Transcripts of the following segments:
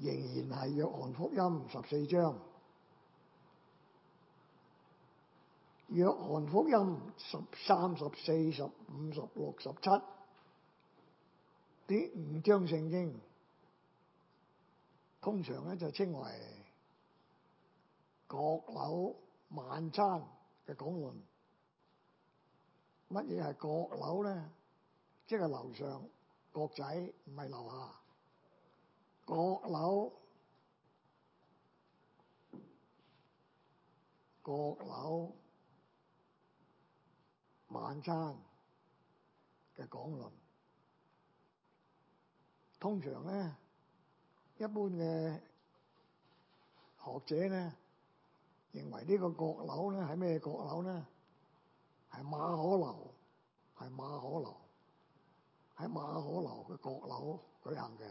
仍然係約翰福音十四章、約翰福音十三、十四、十五、十六、十七呢五章聖經通常咧就稱為閣樓晚餐嘅講壇。乜嘢係閣樓咧？即係樓上閣仔，唔係樓下。閣樓，閣樓晚餐嘅講論，通常咧，一般嘅學者咧，認為個呢個閣樓咧係咩閣樓咧？係馬可樓，係馬可樓，喺馬可樓嘅閣樓舉行嘅。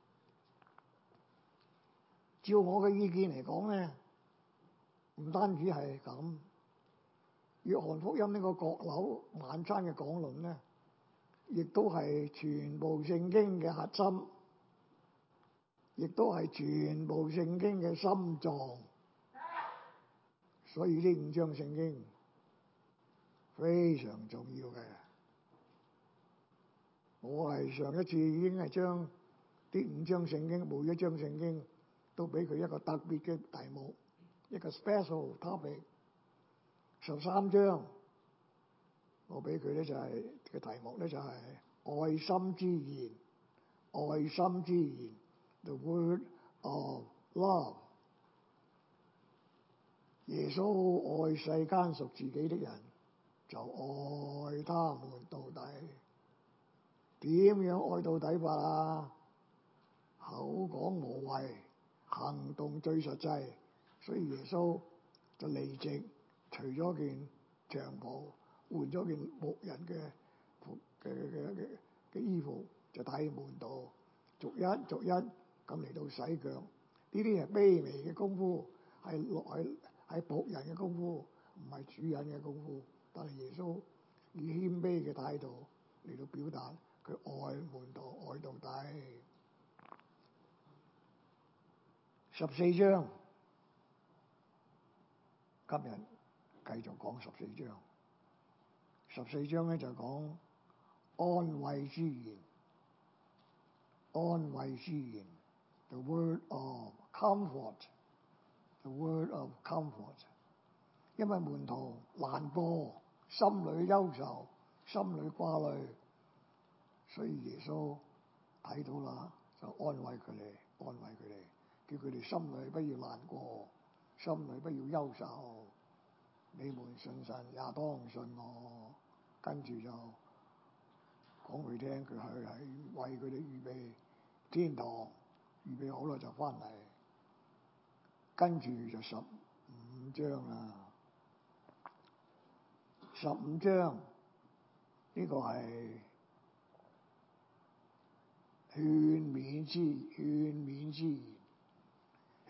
照我嘅意見嚟講咧，唔單止係咁，《約翰福音》呢個閣樓晚餐嘅講論咧，亦都係全部聖經嘅核心，亦都係全部聖經嘅心臟。所以呢五章聖經非常重要嘅。我係上一次已經係將啲五章聖經每一章聖經，每一張聖經都俾佢一個特別嘅題目，一個 special topic。十三章，我俾佢咧就係嘅題目咧就係、是、愛心之言，愛心之言，the word of love。耶穌愛世間屬自己的人，就愛他們到底。點樣愛到底法啊？口講無謂。行動最實際，所以耶穌就離席，除咗件長袍，換咗件僕人嘅嘅嘅嘅嘅衣服，就睇門度逐一逐一咁嚟到洗腳。呢啲係卑微嘅功夫，係落喺喺僕人嘅功夫，唔係主人嘅功夫。但係耶穌以謙卑嘅態度嚟到表達佢愛門徒愛到底。十四章，今日繼續講十四章。十四章咧就講安慰之言，安慰之言，the word of comfort，the word of comfort。因為門徒難過，心裏憂愁，心裏掛慮，所以耶穌睇到啦，就安慰佢哋，安慰佢哋。叫佢哋心裏不要難過，心裏不要憂愁。你們信神也當信我。跟住就講佢聽，佢去喺為佢哋預備天堂，預備好耐就翻嚟。跟住就十五章啦，十五章呢個係勸勉之，勸勉之。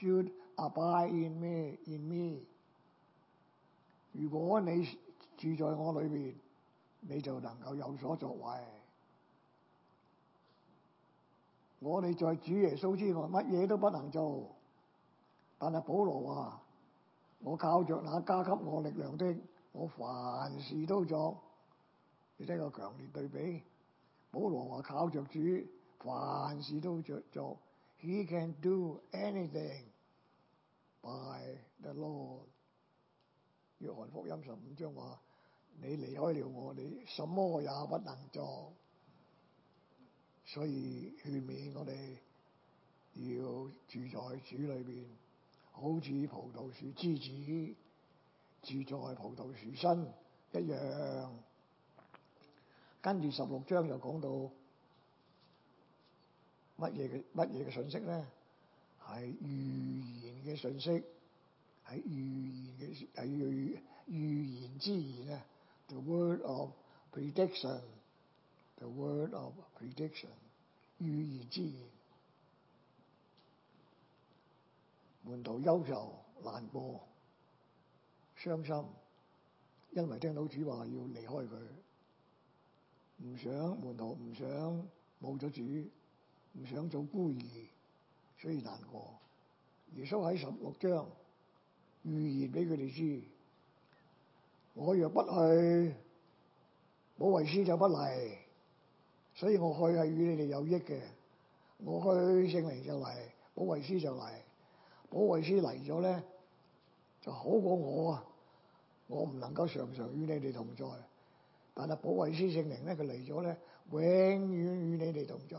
should abide in me in me。如果你住在我裏邊，你就能夠有所作為。我哋在主耶穌之外，乜嘢都不能做。但係保羅話：我靠着那加給我力量的，我凡事都做。你睇個強烈對比。保羅話：靠着主，凡事都着做。He can do anything by the Lord。約翰福音十五章話：你離開了我，你什麼也不能做。所以勸勉我哋要住在主裏面，好似葡萄樹枝子住在葡萄樹身一樣。跟住十六章又講到。乜嘢嘅乜嘢嘅信息咧？係預言嘅信息，係預言嘅係預預言之言咧。The word of prediction，the word of prediction，預言之言。門徒憂愁難過傷心，因為聽到主話要離開佢，唔想，門徒唔想，冇咗主，唔想做孤兒，所以難過。耶穌喺十六章預言俾佢哋知：我若不去，保惠師就不嚟。所以我去係與你哋有益嘅。我去聖靈就嚟，保惠師就嚟。保惠師嚟咗咧，就好過我啊！我唔能夠常常與你哋同在，但係保惠師聖靈咧，佢嚟咗咧，永遠與你哋同在。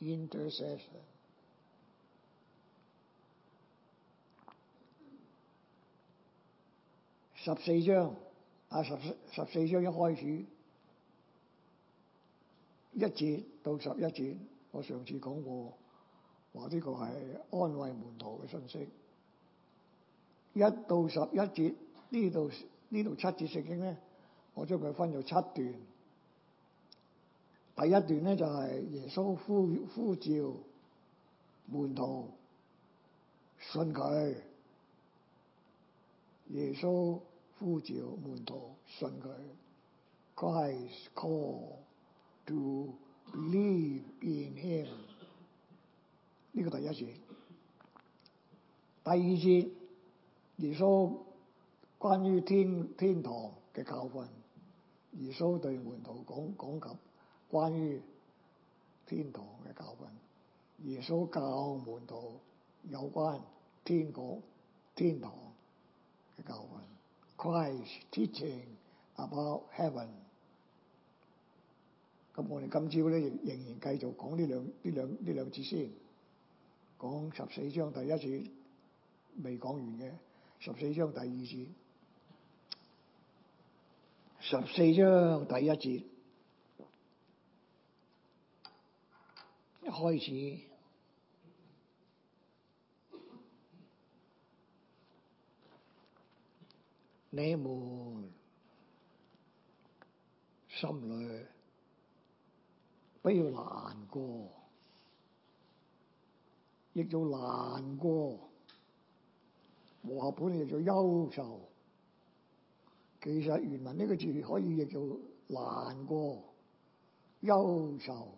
因對説十四章啊十四十四章一開始一節到十一節，我上次講過，話呢個係安慰門徒嘅信息。一到十一節呢度呢度七節聖經咧，我將佢分咗七段。第一段咧就係耶穌呼呼召門徒信佢。耶穌呼召門徒信佢。Christ call to believe in him。呢個第一節。第二節耶穌關於天天堂嘅教訓，耶穌對門徒講講及。關於天堂嘅教訓，耶穌教門徒有關天國、天堂嘅教訓。Christ teaching about heaven。咁我哋今朝咧仍仍然繼續講呢兩呢兩呢兩節先，講十四章第一節未講完嘅，十四章第二節，十四章第一節。一開始，你們心裏不要難過，譯做難過，和合本嚟譯做憂愁。其實原文呢個字可以譯做難過、憂愁。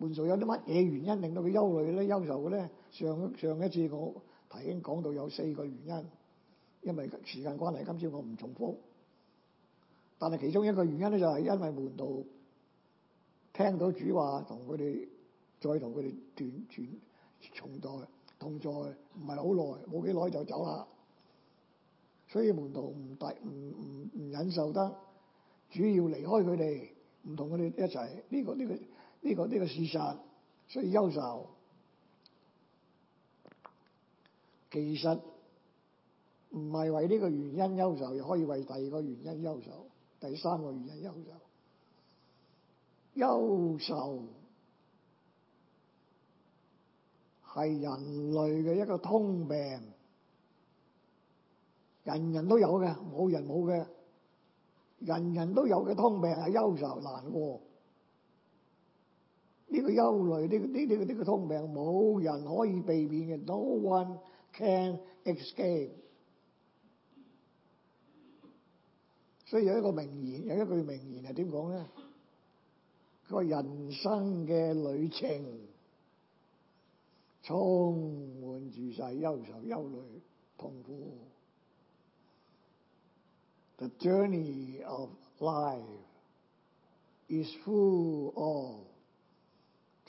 門徒有啲乜嘢原因令到佢憂慮咧、憂愁嘅咧？上上一次我提已經講到有四個原因，因為時間關係，今次我唔重複。但係其中一個原因咧，就係因為門徒聽到主話，同佢哋再同佢哋斷斷重在同在，唔係好耐，冇幾耐就走啦。所以門徒唔抵唔唔唔忍受得，主要離開佢哋，唔同佢哋一齊。呢個呢個。這個呢個呢個事實，所以憂愁，其實唔係為呢個原因憂愁，又可以為第二個原因憂愁，第三個原因憂愁。憂愁係人類嘅一個通病，人人都有嘅，冇人冇嘅，人人都有嘅通病係憂愁難過。呢個憂慮，呢、這個呢啲呢個通、這個、病，冇人可以避免嘅。No one can escape。所以有一個名言，有一句名言係點講咧？佢、這、話、個、人生嘅旅程充滿住晒憂愁、憂慮、痛苦。The journey of life is full of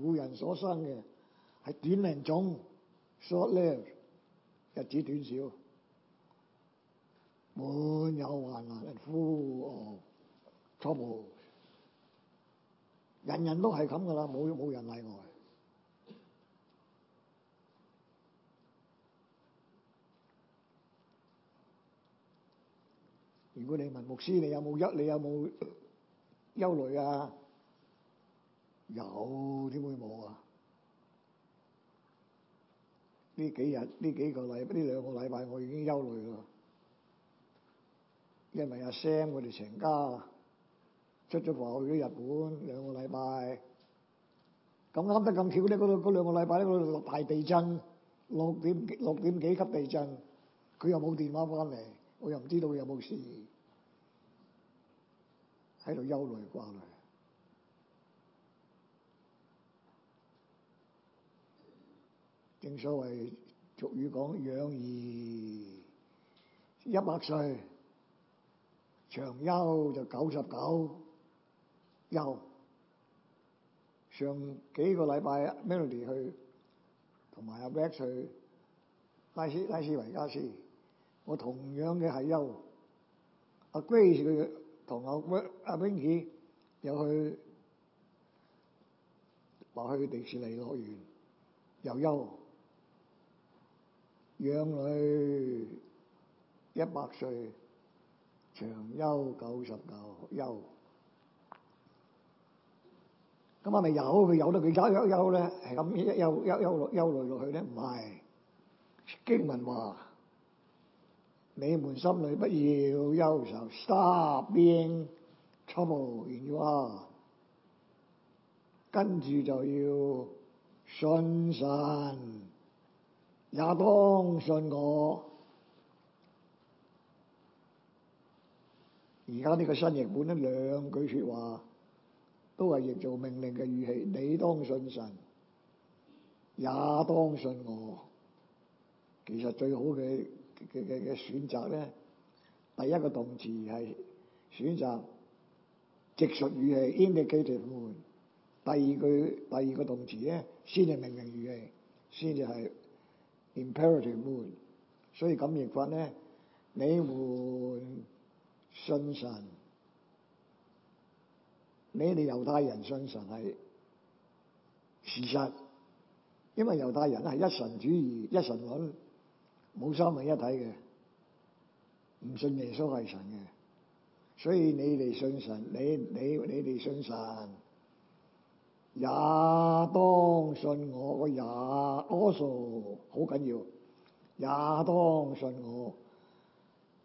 婦人所生嘅係短命種，short-lived，日子短少，滿有患難，人哦，初步，人人都係咁噶啦，冇冇人例外。如果你問牧師，你有冇憂？你有冇憂慮啊？有點會冇啊？呢幾日呢幾個禮呢兩個禮拜，我已經憂慮啦。因為阿聲我哋成家，出咗國去咗日本兩個禮拜，咁啱得咁巧咧，嗰個嗰兩個禮拜咧，嗰度大地震，六點六點幾級地震，佢又冇電話翻嚟，我又唔知道佢有冇事，喺度憂慮掛慮。正所謂俗語講，養兒一百歲，長憂就九十九憂。上幾個禮拜 Melody 去，同埋阿 Alex 去拉斯拉斯維加斯，我同樣嘅係憂。阿、啊、Grace 佢同阿阿 Winky 又去，話去迪士尼樂園又憂。養女一百歲，長憂九十九憂。咁啊咪有？佢有得佢、嗯、憂的憂憂咧，係咁憂憂憂憂累落去咧？唔係經文話，你們心裏不要憂愁。Stop being trouble in your heart。跟住就要信神。也當信我。而家呢個新譯本咧，兩句說話都係譯做命令嘅語氣。你當信神，也當信我。其實最好嘅嘅嘅嘅選擇咧，第一個動詞係選擇直述語氣，indicative mood。第二句第二個動詞咧，先係命令語氣，先至係。imperative mood，所以咁譯法咧，你換信神，你哋猶太人信神係事實，因為猶太人係一神主義、一神論，冇三位一體嘅，唔信耶穌係神嘅，所以你哋信神，你你你哋信神。也當信我，個也 also 好緊要。也當信我，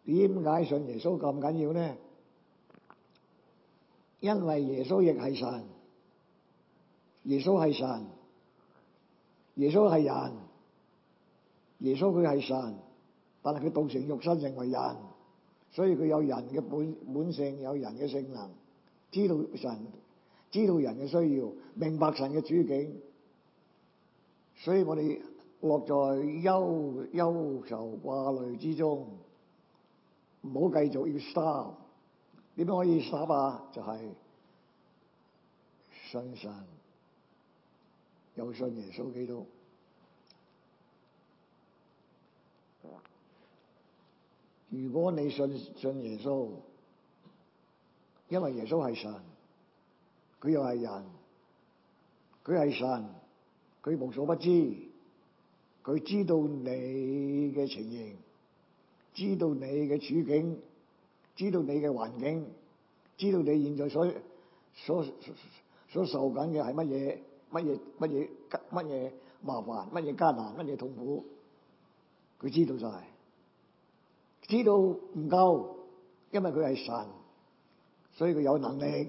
點解信耶穌咁緊要呢？因為耶穌亦係神，耶穌係神，耶穌係人，耶穌佢係神，但係佢道成肉身成為人，所以佢有人嘅本本性，有人嘅性能，知道神，知道人嘅需要，明白神嘅處境，所以我哋落在憂憂愁掛慮之中，唔好繼續要愁。點樣可以愁啊？就係信神，又信耶穌基督。如果你信信耶穌，因為耶穌係神。佢又係人，佢係神，佢無所不知，佢知道你嘅情形，知道你嘅處境，知道你嘅環境，知道你現在所所所，所受緊嘅係乜嘢，乜嘢乜嘢乜嘢麻煩，乜嘢艱難，乜嘢痛苦，佢知道就係，知道唔夠，因為佢係神，所以佢有能力。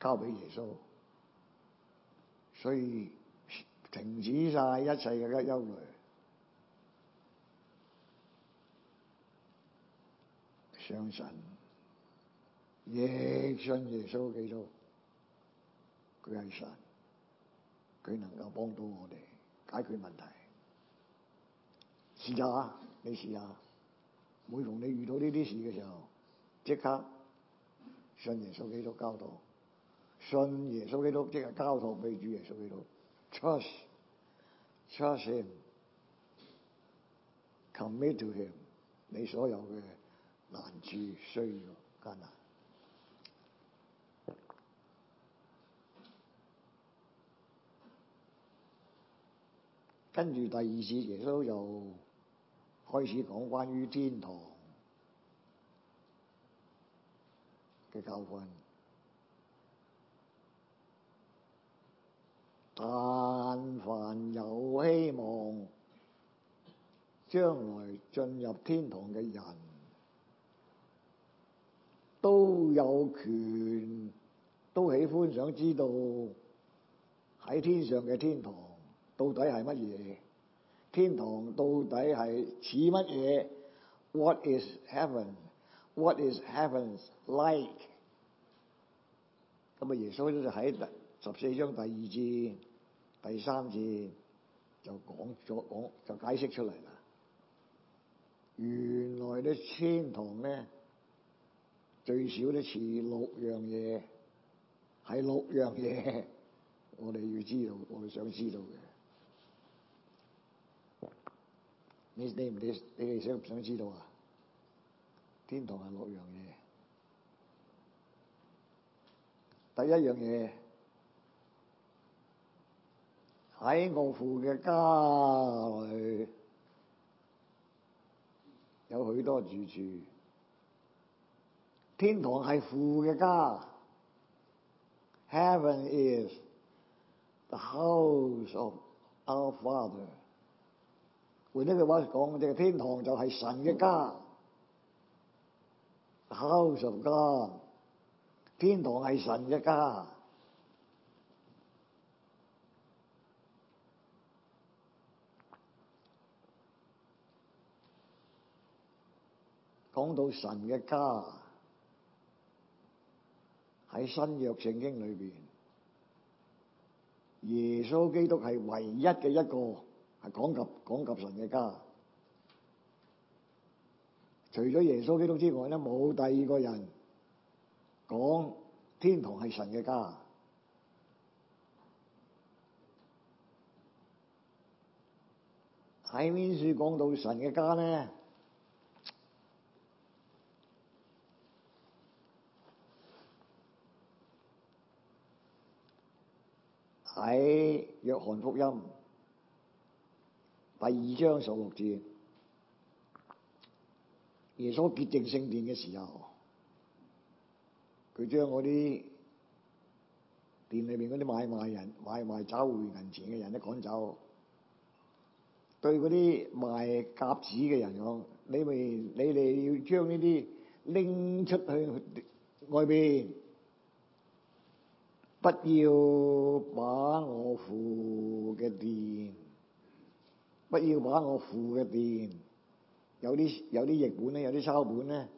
交俾耶穌，所以停止晒一切嘅憂慮，信神，亦信耶穌基督，佢係神，佢能夠幫到我哋解決問題。試下，你試下，每逢你遇到呢啲事嘅時候，即刻信耶穌基督交度。信耶穌基督，即係交託俾主耶穌基督。Trust, trust Him, commit to Him。你所有嘅難處、需要、艱難，跟住第二次耶穌又開始講關於天堂嘅教訓。但凡有希望，將來進入天堂嘅人，都有權都喜歡想知道喺天上嘅天堂到底係乜嘢？天堂到底係似乜嘢？What is heaven？What is heaven like？咁啊，耶穌咧就喺第十四章第二節。第三次就講咗，講就解釋出嚟啦。原來啲天堂咧，最少都似六樣嘢，係六樣嘢我哋要知道，我哋想知道嘅。你你唔你你哋想唔想知道啊？天堂係六樣嘢，第一樣嘢。喺我父嘅家裏有許多住處。天堂係父嘅家，Heaven is the house of our Father。換一句話講，就係天堂就係神嘅家，house of God。天堂係神嘅家。講到神嘅家喺新約聖經裏邊，耶穌基督係唯一嘅一個係講及講及神嘅家，除咗耶穌基督之外咧，冇第二個人講天堂係神嘅家。喺邊處講到神嘅家咧？喺約翰福音第二章十六節，耶穌潔淨聖殿嘅時候，佢將嗰啲殿裏面嗰啲買賣人、買賣找回銀錢嘅人都趕走，對嗰啲賣鴿子嘅人講，你咪你哋要將呢啲拎出去外邊。不要把我父嘅殿，不要把我父嘅殿，有啲有啲譯本咧，有啲抄本咧，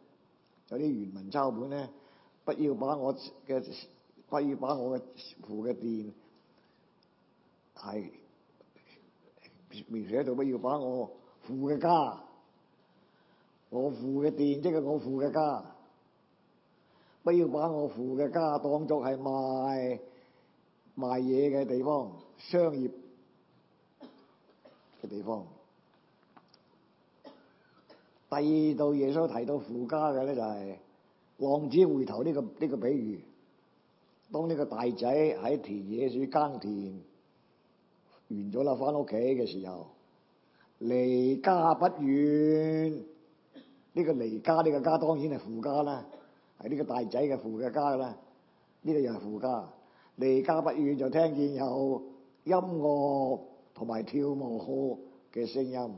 有啲原文抄本咧，不要把我嘅，不要把我嘅父嘅殿係描寫到，不要把我父嘅家，我父嘅殿即係、就是、我父嘅家。不要把我父嘅家當作係賣賣嘢嘅地方、商業嘅地方。第二道耶穌提到父家嘅咧、就是，就係浪子回頭呢、這個呢、這個比喻。當呢個大仔喺田野處耕田完咗啦，翻屋企嘅時候，離家不遠。呢、這個離家呢、這個家當然係父家啦。係呢個大仔嘅父嘅家啦，呢、這個又係父家。離家不遠，就聽見有音樂同埋跳舞歌嘅聲音。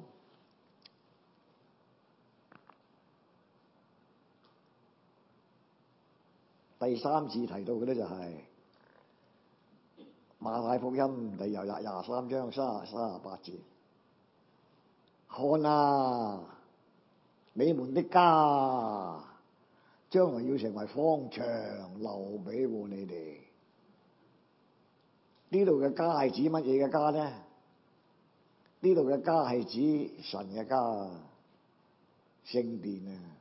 第三次提到嘅咧就係、是、馬太福音第廿廿三章三三十八節，看啊，你們的家。將來要成為荒場，留俾你哋。呢度嘅家係指乜嘢嘅家咧？呢度嘅家係指神嘅家，聖殿啊。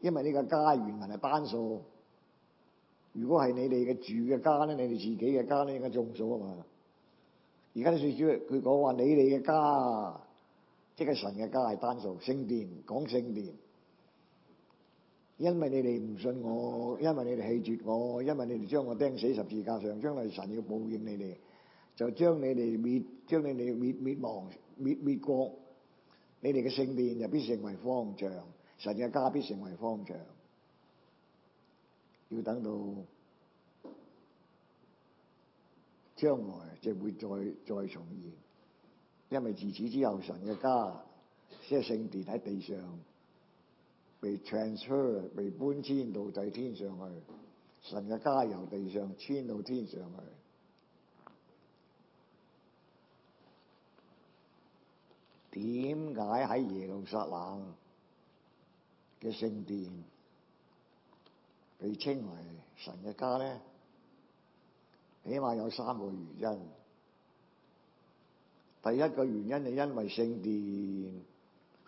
因為呢個家原文係單數。如果係你哋嘅住嘅家咧，你哋自己嘅家咧，應該眾數啊嘛。而家啲少主佢講話你哋嘅家，即係神嘅家係單數，聖殿講聖殿。因為你哋唔信我，因為你哋棄絕我，因為你哋將我釘死十字架上，將來神要報應你哋，就將你哋滅將你哋滅滅，滅亡，滅滅國，你哋嘅聖殿就必成為荒場，神嘅家必成為荒場。要等到將來，就會再再重現，因為自此之後神嘅家即係、就是、聖殿喺地上。被 transfer，被搬遷到第天上去，神嘅家由地上遷到天上去。點解喺耶路撒冷嘅聖殿，被稱為神嘅家咧？起碼有三個原因。第一個原因就因為聖殿。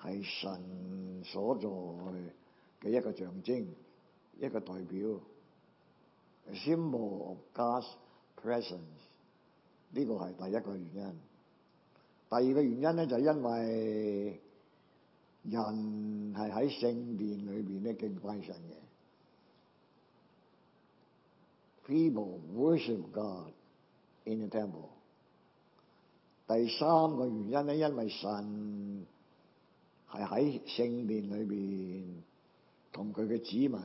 係神所在嘅一個象徵，一個代表。Symbol of God's presence，呢個係第一個原因。第二個原因咧，就係、是、因為人係喺聖殿裏邊咧敬拜神嘅。People worship God in the temple。第三個原因咧，因為神。係喺聖殿裏邊同佢嘅子民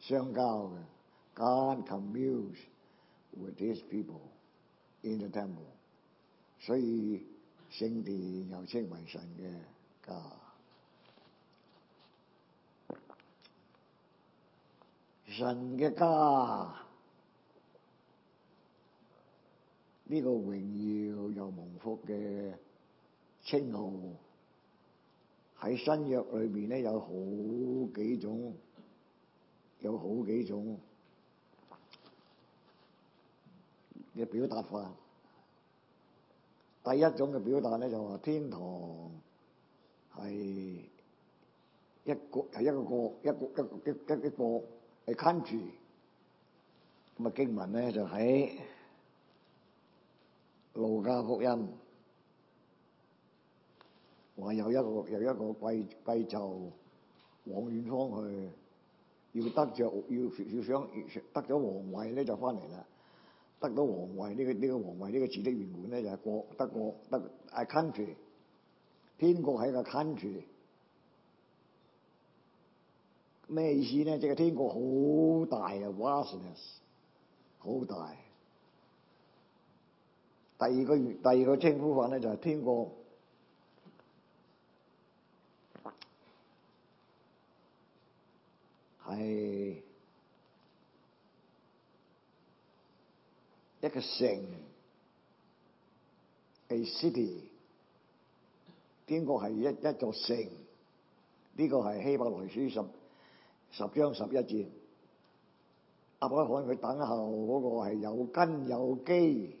相交嘅，God communes with His people in the temple。所以聖殿又稱為神嘅家，神嘅家，呢、這個榮耀又蒙福嘅稱號。喺新約裏邊咧，有好幾種，有好幾種嘅表達法。第一種嘅表達咧、就是，就話天堂係一個係一個國一個一一一個係 country。咁啊，經文咧就喺路加福音。我有一個有一個貴貴就往遠方去，要得著要要想得咗皇位咧就翻嚟啦。得到皇位呢個，呢個皇位呢個字的原本咧就係國得國得啊 country，天國係一個 country，咩意思咧？即係天國好大啊，vastness 好大。第二個第二個稱呼法咧就係天國。係一個城，係 city。邊個係一一座城，呢、這個係希伯來書十十章十一節。亞伯拉罕佢等候、那個係有根有基，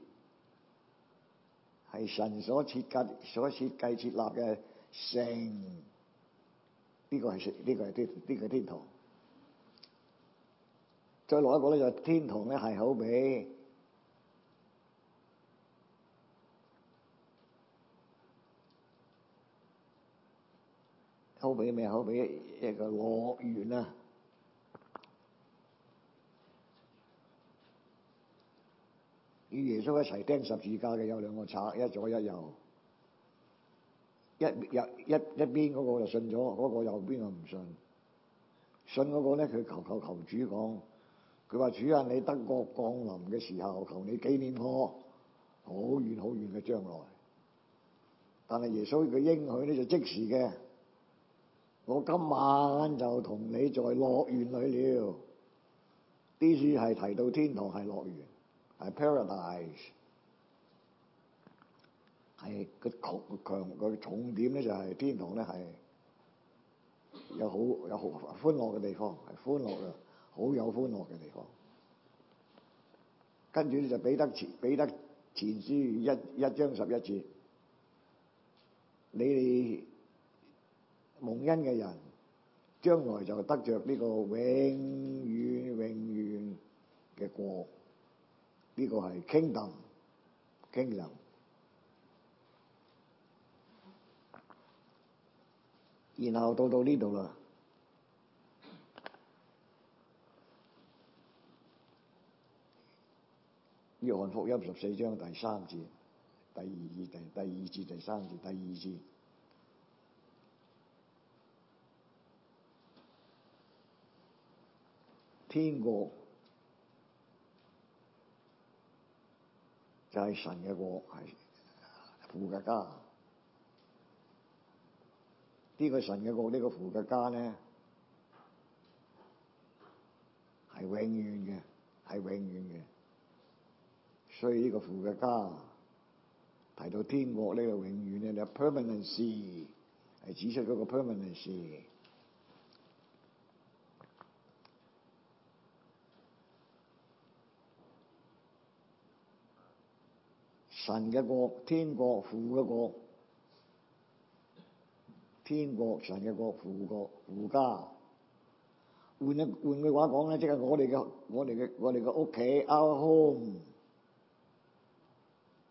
係神所設計所設計設立嘅城。呢、這個係呢、這個係呢、這個係、這個、天堂。再攞一個咧，就天堂咧係好比。好比咩？好比？一個樂園啊！與耶穌一齊釘十字架嘅有兩個賊，一左一右，一一一邊嗰個就信咗，嗰個右邊就唔信。信嗰個咧，佢求求求主講。佢話主啊，你得國降臨嘅時候，求你紀念我。好遠好遠嘅將來。但係耶穌佢應許咧就即時嘅。我今晚就同你在樂園裏了。啲書係提到天堂係樂園，係 paradise，係個強強個重點咧就係、是、天堂咧係有好有好歡樂嘅地方，係歡樂嘅。好有歡樂嘅地方，跟住咧就彼得前彼得前書一一章十一節，你哋蒙恩嘅人，將來就得着呢個永遠永遠嘅國，呢、這個係 Kingdom Kingdom，然後到到呢度啦。約翰福音十四章第三節、第二二第第二節、第三節、第二節，天國就係神嘅國係父嘅家，呢、這個神嘅國呢、這個父嘅家呢係永遠嘅，係永遠嘅。所以呢個父嘅家，提到天國呢咧，永遠咧，permanent 係指出嗰個 permanent 神嘅國、天國父嘅國、天國神嘅國、父國、父家。換一換句話講咧，即係我哋嘅、我哋嘅、我哋嘅屋企，our home。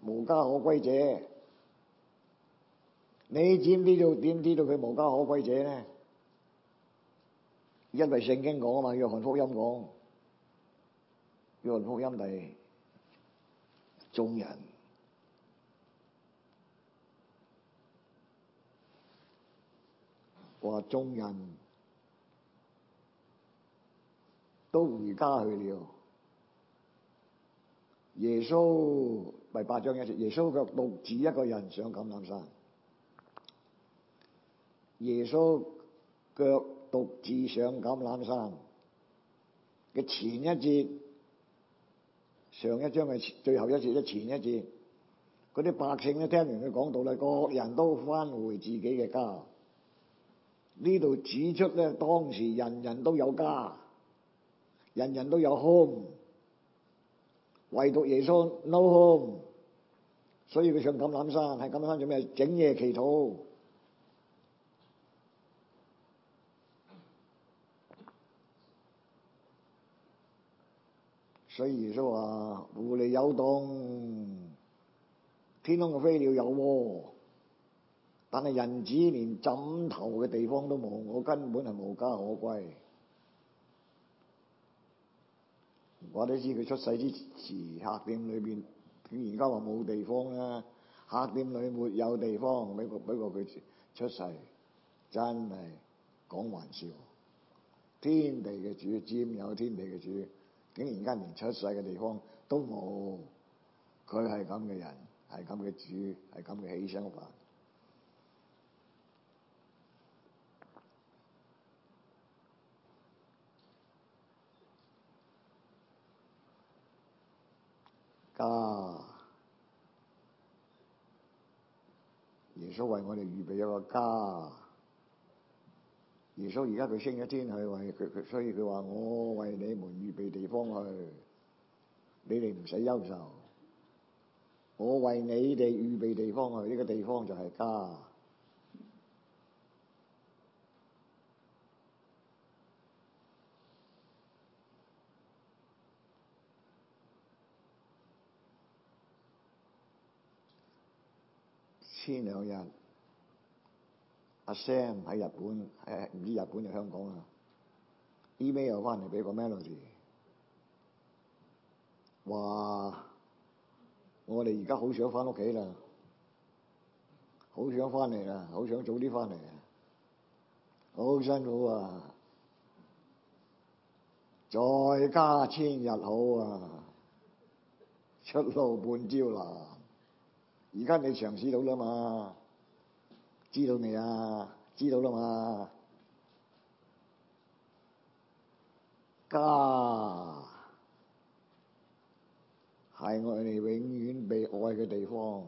無家可歸者，你知唔知道？點知道佢無家可歸者咧？因為聖經講啊嘛，約翰福音講，約翰福音嚟，眾人話，眾人都回家去了，耶穌。第八章一節，耶穌腳獨自一個人上橄欖山。耶穌腳獨自上橄欖山嘅前一節，上一章嘅最後一節嘅前一節，嗰啲百姓咧聽完佢講道咧，各人都翻回，回自己嘅家。呢度指出咧，當時人人都有家，人人都有 home，唯獨耶穌 no home。所以佢上橄欖山，喺橄欖山做咩？整夜祈禱。所以耶穌話：狐狸有洞，天空嘅飛鳥有窩，但係人子連枕頭嘅地方都冇，我根本係無家可歸。我都知佢出世之時客店裏邊。竟然家話冇地方啦，啊，客店裏沒有地方。美國美國佢出世真係講玩笑，天地嘅主佔有天地嘅主，竟然間連出世嘅地方都冇，佢係咁嘅人，係咁嘅主，係咁嘅犧牲法。家，耶穌為我哋預備一個家。耶穌而家佢升咗天去，佢佢所以佢話，我為你們預備地方去，你哋唔使憂愁，我為你哋預備地方去，呢個地方就係家。前兩日，阿 Sam 喺日本，唔知日本定香港啊，email 又翻嚟畀個 message，話我哋而家好想翻屋企啦，好想翻嚟啦，好想早啲翻嚟啊，好辛苦啊，再加千日好啊，出路半朝啦。而家你嘗試到啦嘛？知道未啊？知道啦嘛？家係我哋永遠被愛嘅地方，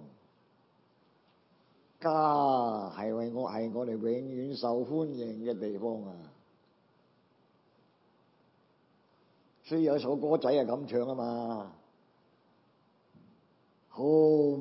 家係為我係我哋永遠受歡迎嘅地方啊！所以有首歌仔係咁唱啊嘛 h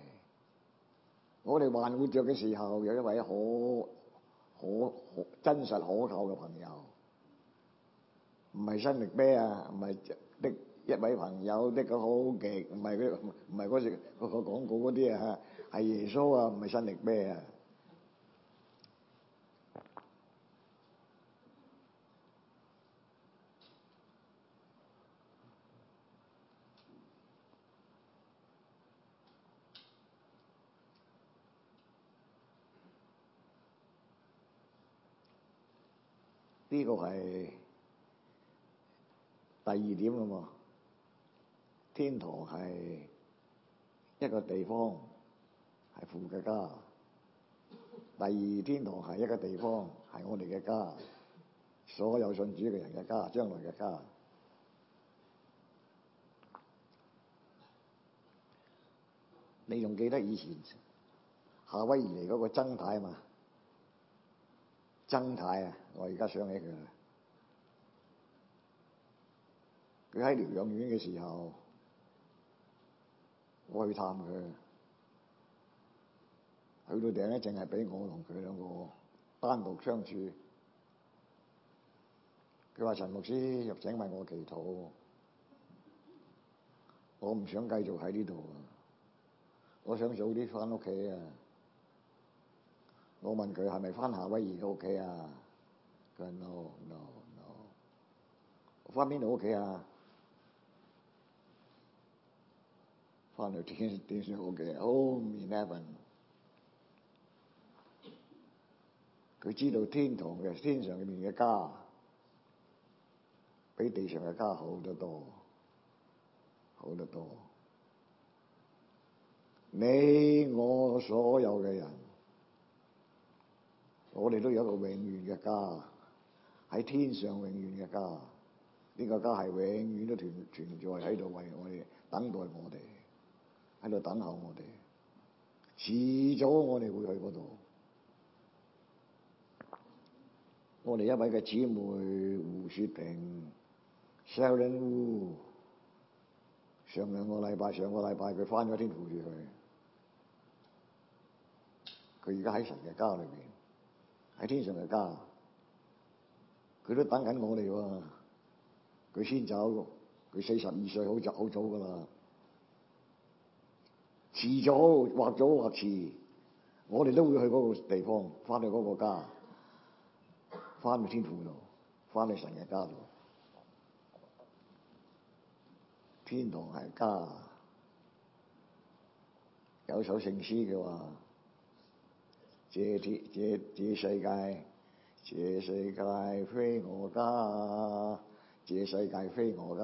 我哋還活着嘅時候，有一位好好好真實可靠嘅朋友，唔係新力咩啊？唔係的一位朋友，叻到好極，唔係嗰唔係嗰時個廣告嗰啲啊，係耶穌啊，唔係新力咩啊？呢個係第二點啦嘛，天堂係一個地方，係父嘅家；第二，天堂係一個地方，係我哋嘅家，所有信主嘅人嘅家，將來嘅家。你仲記得以前夏威夷嚟個曾太嘛？曾太啊，我而家想起佢啦。佢喺療養院嘅時候，我去探佢，去到頂咧，淨係俾我同佢兩個單獨相處。佢話，陳牧師入請為我祈禱，我唔想繼續喺呢度，我想早啲翻屋企啊！我問佢係咪翻夏威夷嘅屋企啊？佢話 no no no，翻邊度屋企啊？翻去天天上屋企，home in heaven。佢知道天堂嘅天上嘅面嘅家，比地上嘅家好得多，好得多。你我所有嘅人。我哋都有一個永遠嘅家，喺天上永遠嘅家。呢、這個家係永遠都存存在喺度，為我哋等待我哋，喺度等候我哋。遲早我哋會去嗰度。我哋一位嘅姊妹胡雪平，Sharon Wu，上兩個禮拜，上個禮拜佢返咗天扶住佢。佢而家喺神嘅家裏邊。喺天上嘅家，佢都等緊我哋喎、啊，佢先走，佢四十二歲好早好早㗎喇，遲早或早或遲，我哋都會去嗰個地方，翻去嗰個家，翻去天父度，翻去神嘅家度，天堂係家，有首聖詩嘅話。這天這這世界，這世界非我家，這世界非我家，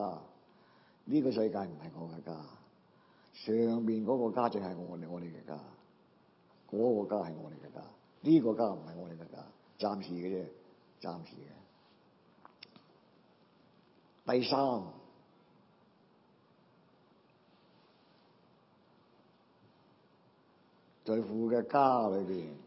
呢、這個世界唔係我嘅家，上面嗰個家就係我哋我哋嘅家，嗰、那個家係我哋嘅家，呢、這個家唔係我哋嘅家，暫時嘅啫，暫時嘅。第三，在父嘅家裏邊。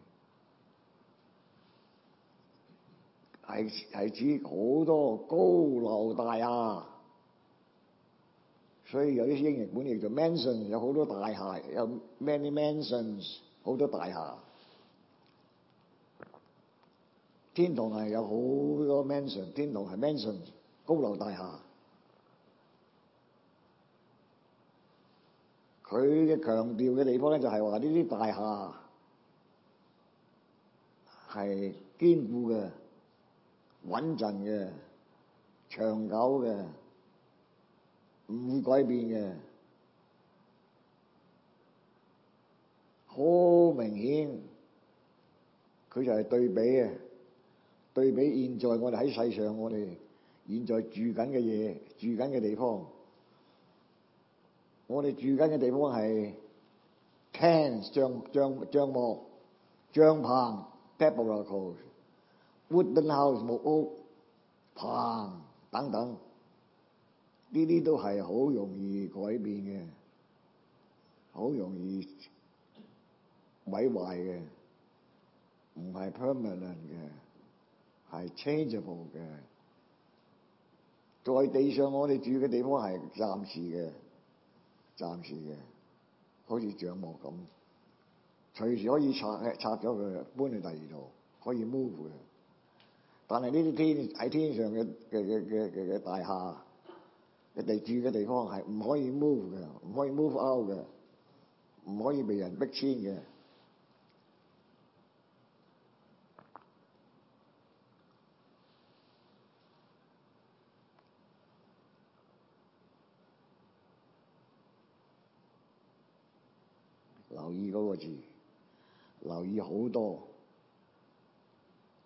係係指好多高樓大廈，所以有啲英譯本嚟就 mansion 有好多大廈有 many mansions 好多大廈天堂係有好多 mansion 天堂係 mansions 高樓大廈佢嘅強調嘅地方咧，就係話呢啲大廈係堅固嘅。穩陣嘅，長久嘅，唔會改變嘅，好明顯，佢就係對比嘅，對比現在我哋喺世上，我哋現在住緊嘅嘢，住緊嘅地方，我哋住緊嘅地方係 tent 帳帳帳篷、帳篷、temporary Wooden house 木屋、棚等等，呢啲都係好容易改變嘅，好容易毀壞嘅，唔係 permanent 嘅，係 changeable 嘅。在地上我哋住嘅地方係暫時嘅，暫時嘅，好似帳幕咁，隨時可以拆拆咗佢，搬去第二度，可以 move 嘅。但係呢啲天喺天上嘅，嘅嘅嘅嘅大廈，人哋住嘅地方係唔可以 move 嘅，唔可以 move out 嘅，唔可以俾人逼遷嘅。留意嗰個字，留意好多。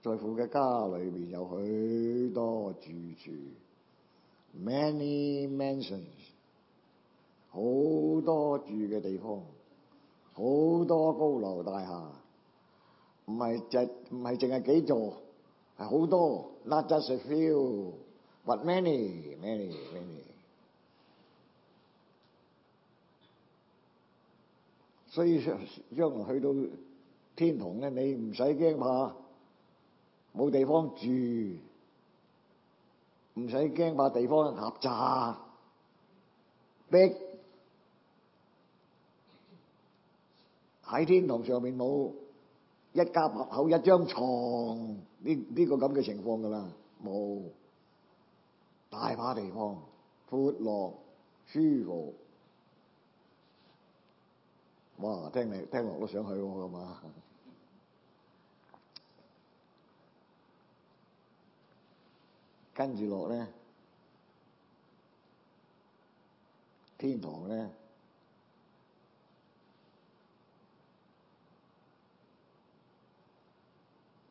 在父嘅家裏邊有許多住處，many mansions，好多住嘅地方，好多高樓大廈，唔係淨唔係淨係幾座，係好多。Not just a few, but many, many, many。所以將來 去到天堂咧，你唔使驚怕。冇地方住，唔使驚把地方狹窄，逼喺天堂上面，冇一家八口一張床，呢呢、呢個咁嘅情況噶啦，冇大把地方，闊落舒服，哇！聽你聽落都想去喎，係嘛？跟住落呢，天堂呢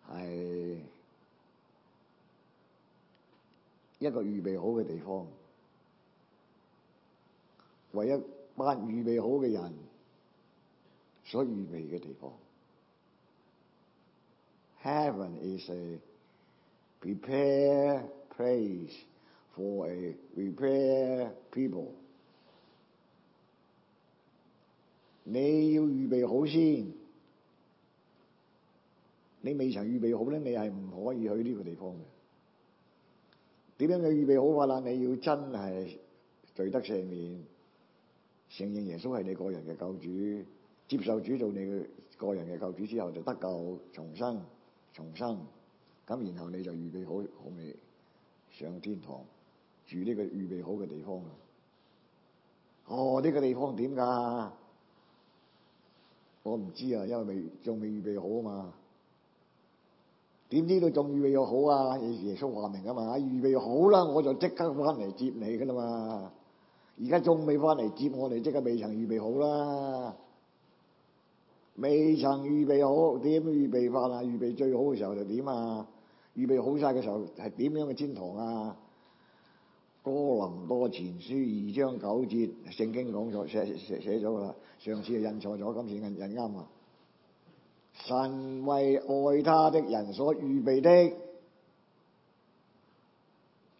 係一個預備好嘅地方，為一,一班預備好嘅人所預備嘅地方。Heaven is a prepare。Praise for a repair people，你要預備好先，你未曾預備好咧，你係唔可以去呢個地方嘅。點樣嘅預備好法啦？你要真係罪得赦免，承認耶穌係你個人嘅救主，接受主做你嘅個人嘅救主之後，就得救重生，重生，咁然後你就預備好好未？上天堂住呢個預備好嘅地方啦。哦，呢個地方點噶？我唔知啊，因為未仲未預備好啊嘛。點知道仲預備又好啊？耶穌話明啊嘛，預備好啦，我就即刻翻嚟接你噶啦嘛。而家仲未翻嚟接我哋，即係未曾預備好啦。未曾預備好，點預備法啊？預備最好嘅時候就點啊？預備好晒嘅時候係點樣嘅天堂啊？哥林多前書二章九節，聖經講咗寫寫寫咗啦。上次就印錯咗，今次印印啱啊！神為愛他的人所預備的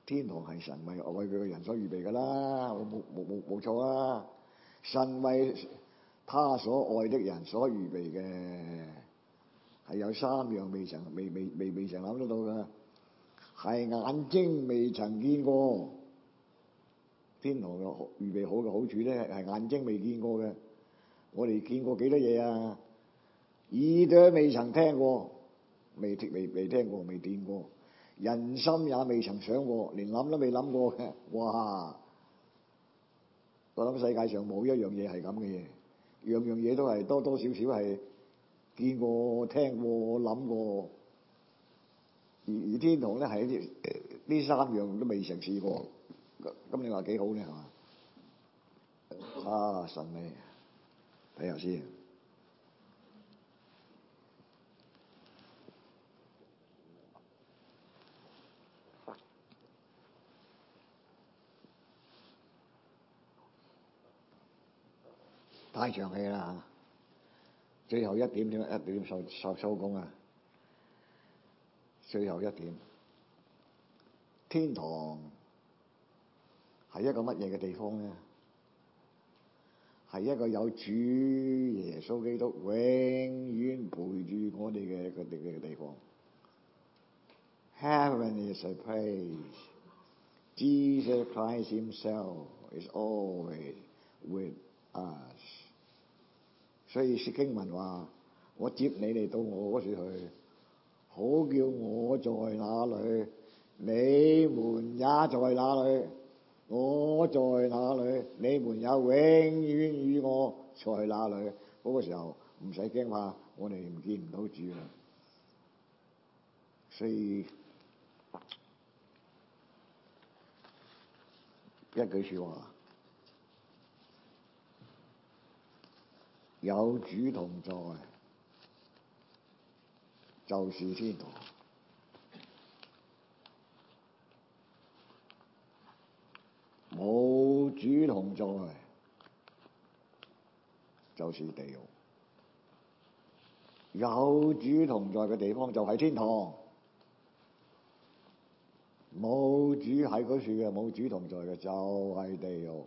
天堂，係神為愛佢嘅人所預備㗎啦，冇冇冇冇錯啊！神為他所愛的人所預備嘅。係有三樣未曾、未未、未未曾諗得到嘅，係眼睛未曾見過。天堂嘅預備好嘅好處咧，係眼睛未見過嘅。我哋見過幾多嘢啊？耳朵未曾聽過，未聽、未未，未聽過、未見過。人心也未曾想過，連諗都未諗過嘅。哇！我諗世界上冇一樣嘢係咁嘅嘢，樣樣嘢都係多多少少係。見過、聽過、諗過，而而天堂咧係呢三樣都未嘗試過，咁你話幾好咧係嘛？啊，神味，睇下先，太長氣啦。最後一點點一點，收收收工啊！最後一點，天堂係一個乜嘢嘅地方呢？係一個有主耶穌基督永遠陪住我哋嘅一個特別嘅地方。Heaven is a place Jesus Christ Himself is always with us. 所以薛經文話：我接你哋到我處去，好叫我在哪裏，你們也在喺哪裏；我在哪裏，你們也永遠與我在哪裏。嗰個時候唔使驚話，我哋唔見唔到主啦。所以一句說話。有主同在，就是天堂；冇主同在，就是地獄。有主同在嘅地方就係天堂，冇主喺嗰處，冇主同在嘅，就係、是、地獄。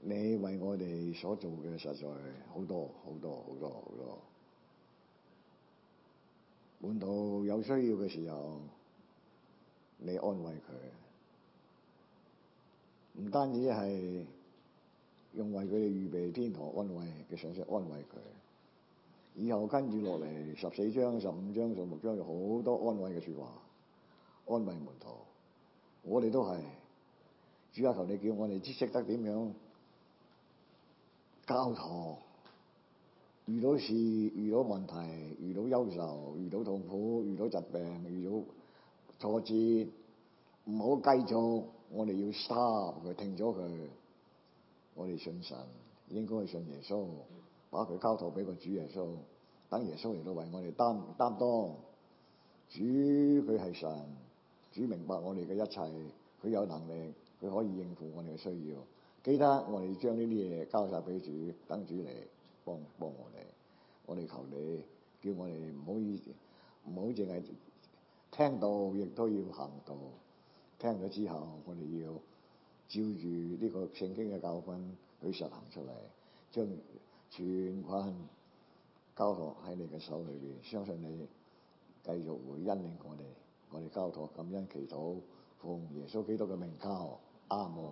你為我哋所做嘅實在好多好多好多好多，門徒有需要嘅時候，你安慰佢，唔單止係用為佢哋預備天堂安慰嘅信息安慰佢，以後跟住落嚟十四章、十五章、十六章有好多安慰嘅說話，安慰門徒，我哋都係，主啊，求你叫我哋知識得點樣。交託，遇到事、遇到問題、遇到憂愁、遇到痛苦、遇到疾病、遇到挫折，唔好繼續，我哋要 stop 佢，停咗佢。我哋信神，應該信耶穌，把佢交託俾個主耶穌，等耶穌嚟到為我哋擔擔當。主佢係神，主明白我哋嘅一切，佢有能力，佢可以應付我哋嘅需要。記得我哋將呢啲嘢交晒俾主，等主嚟幫幫，幫我哋。我哋求你，叫我哋唔好意以唔好淨係聽道，亦都要行道。聽咗之後，我哋要照住呢個聖經嘅教訓去實行出嚟，將全軍交託喺你嘅手裏邊。相信你繼續會引領我哋，我哋交託感恩祈禱，奉耶穌基督嘅名交阿門。